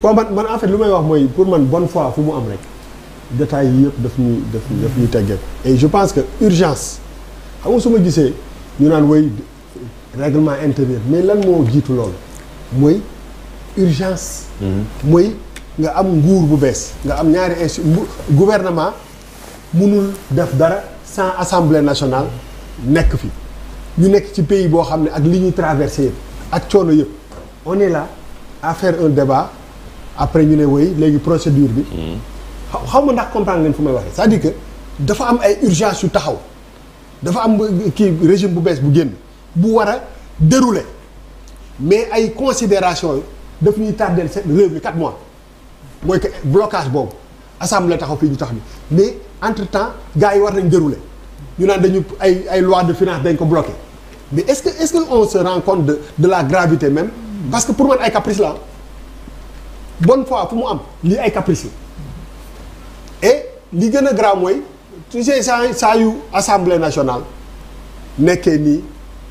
bon man man en fait lu may wax mooy pour man bonne foi fu mu am rek détails yi yëpp daf ñuy daf daf ñuy teggeeku et je pense que urgence xam nga su ma gisee ñu naan woy règlement intérieur mais lan moo jiitu lool mooy urgence mhm. mooy nga am nguur bu bees nga am ñaari insti gouvernement mënul def dara sans assemblée nationale nekk fi ñu nekk ci pays boo xam ne ak li ñuy traversé ak coono yëpp on est un débat après ñu ne woy léegi procédure bi. Hmm. xaw ma ndax comprendre ngeen fu may waxee cest dire que dafa am ay urgence yu taxaw dafa am kii régime bu bees bu génn bu war a dérouler mais ay considération yi daf ñuy tardeel seen réew mi 4 mois mooy que blocage boobu assemblée taxaw fii ñu tax ni mais entre temps gars yi war nañ dérouler ñu naan dañu ay ay loi de finance dañ ko bloqué mais est-ce que est-ce que on se rend de de la gravité même parce que pour man caprice la bonne fois fu mu am lii ay caprice la et li gën a grave mooy tu sais saa saa yu assemblée nationale nekkee nii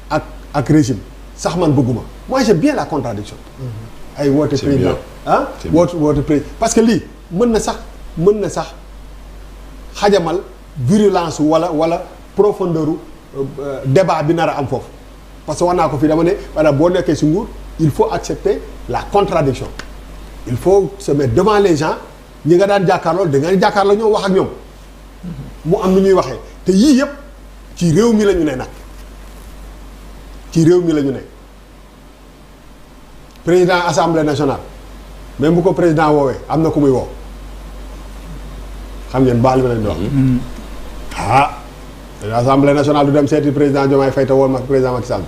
ak ak régime sax man bëgguma moi j'ai bien la contradiction mm-hmm. ay woote président ah woote woote président parce que lii mën na sax mën na sax xajamal virulence wala wala profondeur euh, euh, débat bi nar a am foofu parce que wax naa ko fii dama ne wala boo nekkee si nguur il faut accepter la contradiction il faut se mettre devant les gens ñi nga daan jàkkaarlool da nga jàkkaarloo ñoo wax ak ñoom mu am nu ñuy waxee te yii yëpp ci réew mi la ñu ne nag ci réew mi la ñu ne président assemblée nationale mais bu ko président woowee am na ku muy wow xam ngeen baal ma leen di wax. Mm-hmm. ah assemblée nationale du dem seeti président Diomaye Faye te woon ma président Macky Sall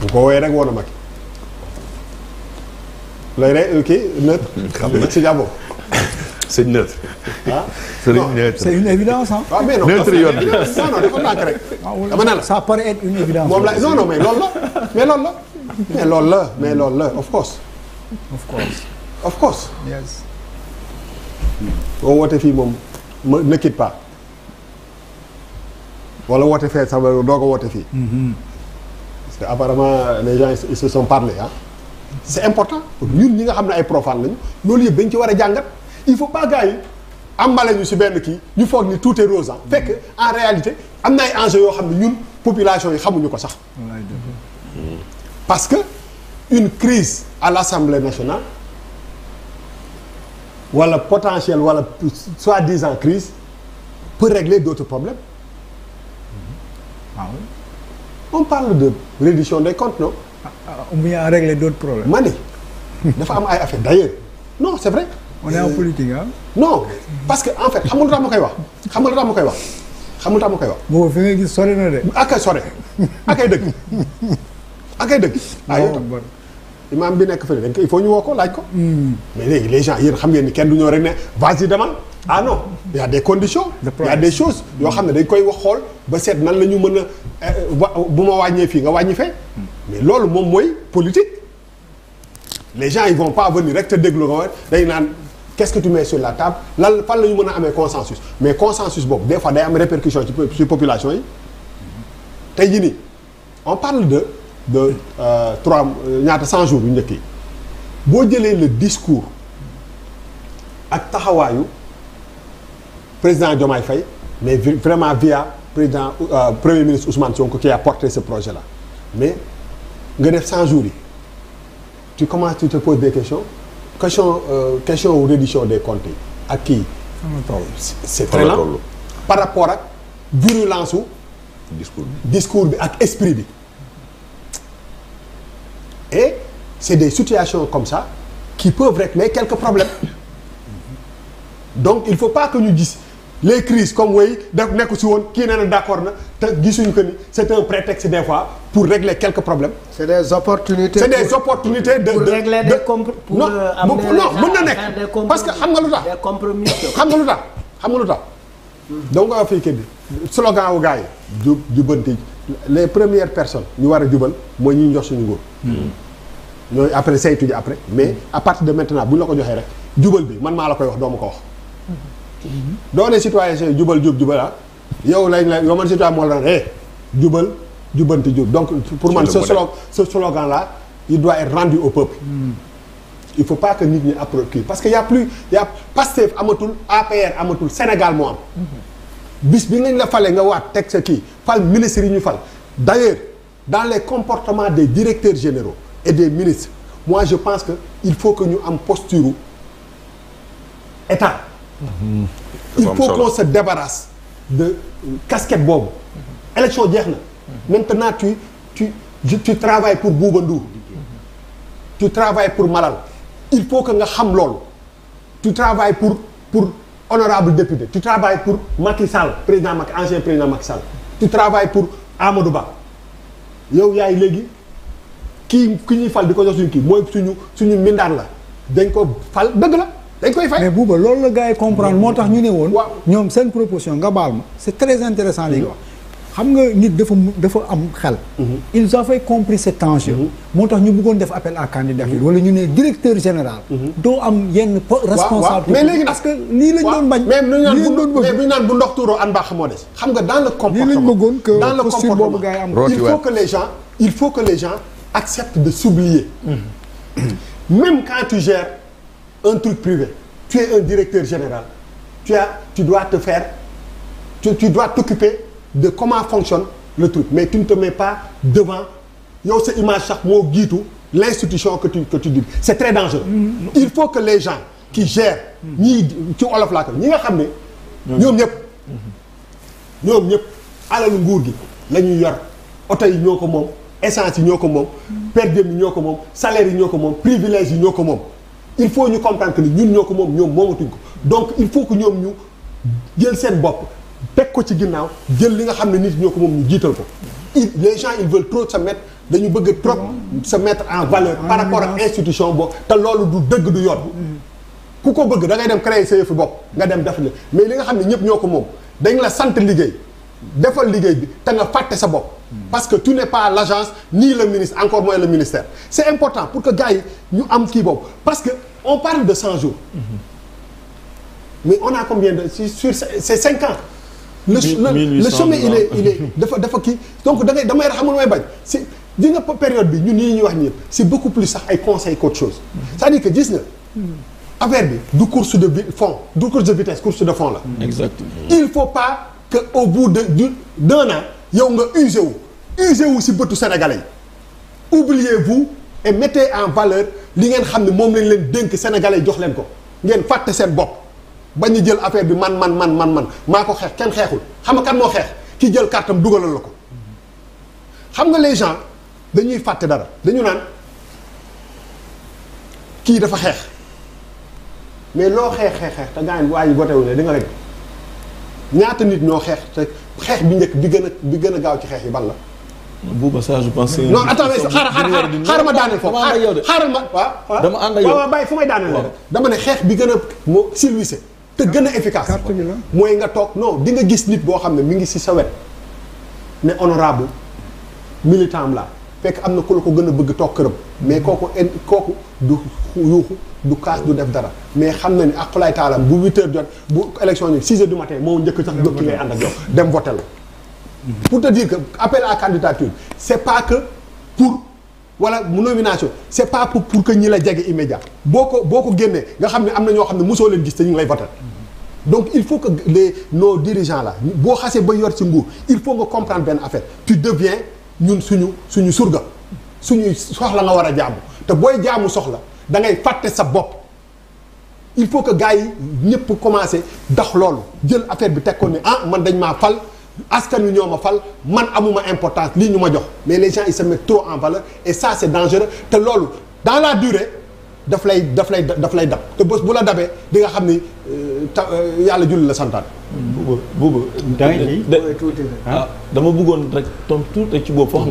bu ko woowee rek woon na looy rey kii neutre. xam nga ah, la mais loolu la mais loolu la. mais loolu la mais loolu la of course. of course. boo woote fii moom ma ne quitte woote fee sax doo ko woote fii. Mm-hmm. parce que apparemment les gens ils se sont parlé c'est important pour ñi nga xam ne ay profane lañu loolu yëpp dañ ci war a jàngat il faut pas gars yi ambale ñu si benn kii ñu foog ni tout est rose fekk en réalité am na ay enjeux yoo xam ne ñun population yi xamuñu ko sax. parce que une crise à l'Assemblée nationale wala potentielle wala soi-disant crise pour régler d'autres problèmes. waaw. Ah on parle de reddition des comptes Ah, ou bien à régler d'autres problèmes. ma ni dafa am ay affaire d'ailleurs non c'est vrai. on est en politique non parce que en fait xam nga lu ma koy wax xam nga lu ma koy wax xam nga lu tax koy wax. boobu fi nga gis sore na de. akay sore akay dëgg akay ah, bi nekk fële il faut ñu woo ko laaj ko. Hmm. mais léegi les gens xam ngeen ni kenn du ñëw rek ne vas yi demal ah non il y a des conditions. il yoo xam ne dañ koy wax xool ba seet nan la ñu mën a euh, bu ma wàññee fii nga wàññi fee. Hmm. loolu moom mooy politique les gens ils vont pas venir rek te déglu ko dañ naan qu'est-ce que tu mets sur la table lan fan la ñu mën a amee consensus mais consensus boobu des fois day am répercussion ci ci population yi tey jii nii on parle de de euh, trois euh, ñaata cent jours yu njëkk yi boo jëlee le discours ak taxawaayu président Diomaye Faye mais vraiment via président euh, premier ministre Ousmane Sonko qui a porté ce projet la mais nga def 100 jours yi tu commences tu te poses des questions question euh, question ou reddition des comptes yi ak kii. c'est très lent par rapport ak virulence su. discours bi ak esprit bi. et c'est des situations comme ça qui peuvent régler quelque problème donc il faut pas que ñu gis les crise comme way daf nekku si woon kii nee na d'accord na. te gisuñu que ni c'est un prétexte des fois pour régler quelques problèmes. c'est des opportunités. c'est des opportunités de pour régler des compr pour non euh, mën na nekk parce que xam nga lu tax des compromis xam nga lu tax xam nga lu tax. donc nga fii kii bi slogan wu gars yi. jubanti les premières personnes ñu war a jubal mooy ñuy jox suñu nguur. ñooy après saytu ji après mais à partir de maintenant bu ñu la ko joxee rek jubal bi man maa la koy wax doo ma ko wax. Mhm. doo ne citoyen jubal jub jubal ah. yow lañ la yow man si toi moo la eh jubal jubanti jub donc pour man ce slogan ce slogan là il doit rendu au peuple hmm. il faut pas que nit ñi approprier parce que y a plus y a Pastef amatul APR amatul Sénégal moo am hmm. bis bi ngañ la fale nga waat teg sa kii fal ministre yi ñu fal d'ailleurs dans les comportement des directeurs généraux et des ministres moi je pense que il faut que ñu am posture état hmm. il faut qu'on se débarrasse de boobu. élection jeex na. maintenant tu tu tu pour Bouba Ndour. tu travailles pour Malal. il faut que nga xam loolu. tu travailles pour pour honorable député tu travailles pour Macky Sall président Macky ancien président Macky Sall. tu travailles pour Amadou Ba. yow yaay léegi kii ki ñuy fal di ko jox suñu kii mooy suñu suñu mindaan la dañ ko fal dëgg la. dañ koy fay mais buuba loolu la gars yi comprendre moo tax ñu ne woon. ñoom seen proposition nga baal ma. c' est très intéressant li nga wax. xam nga nit dafa dafa am xel. Mhm. ils avaient compris cet enjeu. Mhm. moo tax ñu buggoon def appel à candidature. Mhm. wala ñu ne directeur général. doo am yenn responsable. mais léegi parce que lii lañ doon bañ. lii lañ mais bu ndox tuuroo an baax moo des. xam nga dans le comportement lii lañ bëggoon que posture boobu gars yi am. il faut que les de s'oublier. même quand tu gères. un truc privé tu es un directeur général tu as tu dois te faire tu, tu dois t'occuper de comment fonctionne le truc mais tu ne te mets pas devant yow sa image sax moo jiitu l'institution que tu que c'est très dangereux mm-hmm. Mm-hmm. il faut que les gens qui gèrent mm-hmm. ñii ci olof laa ko ñi nga xam ne ñoom ñëpp ñoom ñëpp alalu nguur gi la ñuy yor oto yi ñoo ko moom essence yi ñoo ko moom per yi ñoo ko moom salaire yi ñoo ko moom privilège yi ñoo ko moom il faut ñu comprendre que ni ñun ñoo ko moom ñoom moomatuñ ko donc il faut que ñoom ñu jël seen bopp teg ko ci ginnaaw jël li nga xam ne nit ñoo ko moom ñu jiital ko il les gens ils trop se mettre dañu bëgg trop se mettre en valeur par rapport ak institution boobu te loolu du dëgg du yoon ku ko bëgg dangay dem créer sa yëfu bopp nga dem def li mais li nga xam ne ñëpp ñoo ko moom dañ la sant liggéey defal liggéey bi te nga fàtte sa bopp parce que tu n'es pas l'agence ni le ministre encore moins le ministère c'est important pour que gars yi ñu am kii boobu parce que on parle de cent jours mm-hmm. mais on a combien de sur cinq ans le le chemin il est il dafa dafa kii donc da ngay damay xam nga may bañ si di nga période bi ñun yi ñuy wax ñëpp si beaucoup plus sax ay conseils qu'autre chose mm-hmm. c'est-à-dire que gis nga mm-hmm. affaire bi du course de fond du course de vitesse course de fond la exactement il faut pas que au bout de d'un an yow nga usé wu usé wu si bëtu sénégalais yi oubliez-vous et mettez en valeur li ngeen xam ne moom lañ leen dénk sénégalais jox leen ko ngeen fàtte seen bopp bañ a jël affaire bi man man man man man maa ko xeex kenn xeexul xam nga kan moo xeex ki jël kartam dugalal la ko xam nga les gens dañuy fàtte dara dañu naan kii dafa xeex mais loo xeex xeex xeex te gaañ waa ji voté wu ne di nga rek ñaata nit ñoo xeex te xeex bi njëkk bi gën a bi gën a gaaw ci xeex yi ban la. Bouba ça je pense. non attendez xaaral xaaral xaaral ma daaneel foofu xaaral ma waaw. dama ànd ak yow waaw waaw bàyyi fu may daaneel la dama ne xeex bi gën a moo silvisé te gën a efficace. mooy nga toog non di nga gis nit boo xam ne mu ngi si sa wet ne honorable militant la fekk am na ku la ko gën a bëgg toog këram. mais kooku kooku du yuuxu du kaas du def dara mais xam na ni ak xulaay taalam bu huit jot bu élection yi six heures du matin moo njëkk sax jóg ki ngay ànd ak yow dem voté la pour te dire que appel à candidature c' pas que pour wala mu nomination c' est pas pour pour que ñi la jege immédiat boo ko boo ko génnee nga xam ne am na ñoo xam ne mosoo leen gis te ñu ngi lay voté donc il faut que les no dirigeants la boo xasee ba yor si nguur il faut nga comprendre benn affaire tu deviens ñun suñu suñu surga suñuy soxla nga war a jaamu te booy jaamu soxla da ngay fàtte sa bopp il faut que gars yi ñëpp commencé dox loolu jël affaire bi teg ko ne ah man dañ maa fal askan wi ñoo ma fal man amuma importance lii ñu ma jox mais les gens ils se trop en valeur et ça c'est dangereux te loolu dans la durée. daf lay daf lay daf lay dab te bés bu la dabee di nga xam ni euh, ta euh, yàlla julli la santaan. Hmm. buuba buuba. da ngay tuuti ah, dama bëggoon rek tontu tuuti ci boobu foo